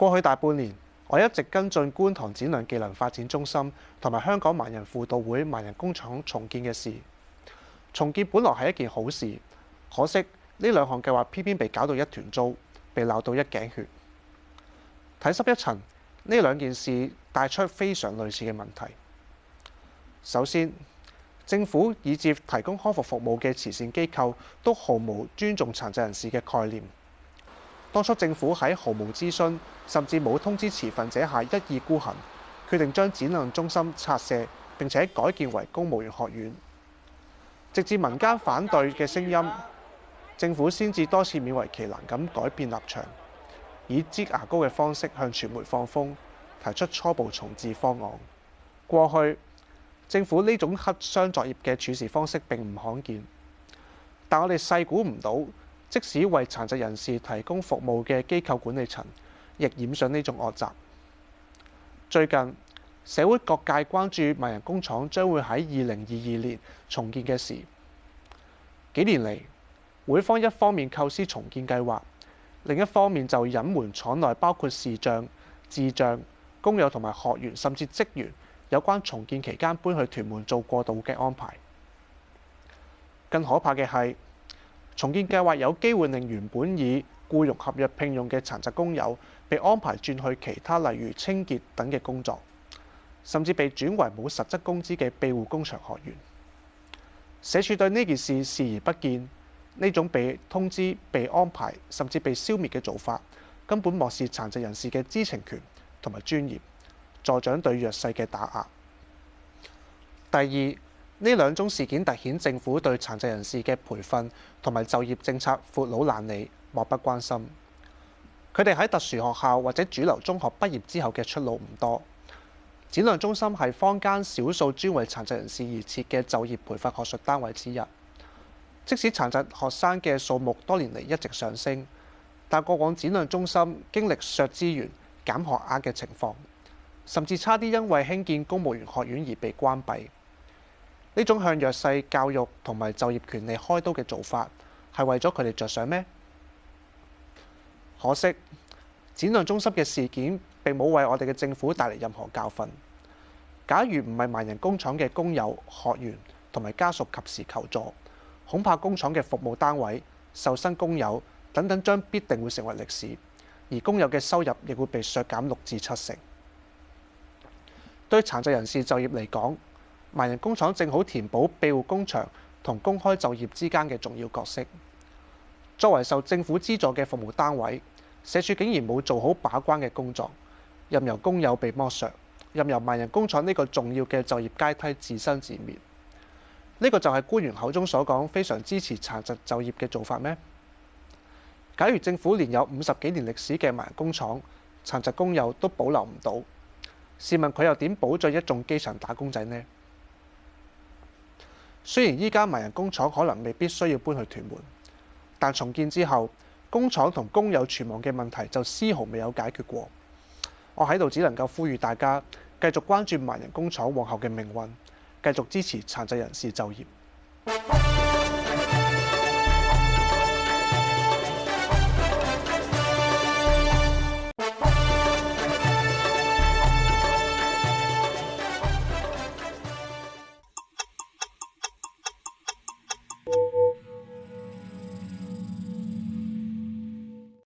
過去大半年，我一直跟進觀塘展亮技能發展中心同埋香港盲人輔導會盲人工廠重建嘅事。重建本來係一件好事，可惜呢兩項計劃偏偏被搞到一團糟，被鬧到一頸血。睇深一層，呢兩件事帶出非常類似嘅問題。首先，政府以至提供康復服務嘅慈善機構都毫無尊重殘疾人士嘅概念。當初政府喺毫無諮詢，甚至冇通知持份者下，一意孤行，決定將展覽中心拆卸，並且改建為公務員學院。直至民間反對嘅聲音，政府先至多次勉為其難咁改變立場，以擠牙膏嘅方式向傳媒放風，提出初步重置方案。過去政府呢種黑箱作業嘅處事方式並唔罕見，但我哋細估唔到。即使為殘疾人士提供服務嘅機構管理層，亦染上呢種惡習。最近社會各界關注盲人工廠將會喺二零二二年重建嘅事。幾年嚟，會方一方面構思重建計劃，另一方面就隱瞞廠內包括視障、智障工友同埋學員甚至職員有關重建期間搬去屯門做過渡嘅安排。更可怕嘅係，重建計劃有機會令原本以僱傭合約聘用嘅殘疾工友被安排轉去其他例如清潔等嘅工作，甚至被轉為冇實質工資嘅庇護工場學員。社署對呢件事視而不見，呢種被通知、被安排甚至被消滅嘅做法，根本漠視殘疾人士嘅知情權同埋尊嚴，助長對弱勢嘅打壓。第二。呢兩宗事件突顯政府對殘疾人士嘅培訓同埋就業政策，闊佬懶理，漠不關心。佢哋喺特殊學校或者主流中學畢業之後嘅出路唔多。展亮中心係坊間少數專為殘疾人士而設嘅就業培訓學術單位之一。即使殘疾學生嘅數目多年嚟一直上升，但過往展亮中心經歷削資源、減學額嘅情況，甚至差啲因為興建公務員學院而被關閉。呢種向弱勢教育同埋就業權利開刀嘅做法，係為咗佢哋着想咩？可惜展覽中心嘅事件，並冇為我哋嘅政府帶嚟任何教訓。假如唔係盲人工廠嘅工友、學員同埋家屬及時求助，恐怕工廠嘅服務單位、受薪工友等等，將必定會成為歷史，而工友嘅收入亦會被削減六至七成。對殘疾人士就業嚟講，盲人工廠正好填補庇護工場同公開就業之間嘅重要角色，作為受政府資助嘅服務單位，社署竟然冇做好把關嘅工作，任由工友被剝削，任由盲人工廠呢個重要嘅就業階梯自生自滅。呢、這個就係官員口中所講非常支持殘疾就業嘅做法咩？假如政府連有五十幾年歷史嘅盲人工廠殘疾工友都保留唔到，試問佢又點保障一眾基層打工仔呢？雖然依家盲人工廠可能未必需要搬去屯門，但重建之後，工廠同工友存亡嘅問題就絲毫未有解決過。我喺度只能夠呼籲大家，繼續關注盲人工廠往後嘅命運，繼續支持殘疾人士就業。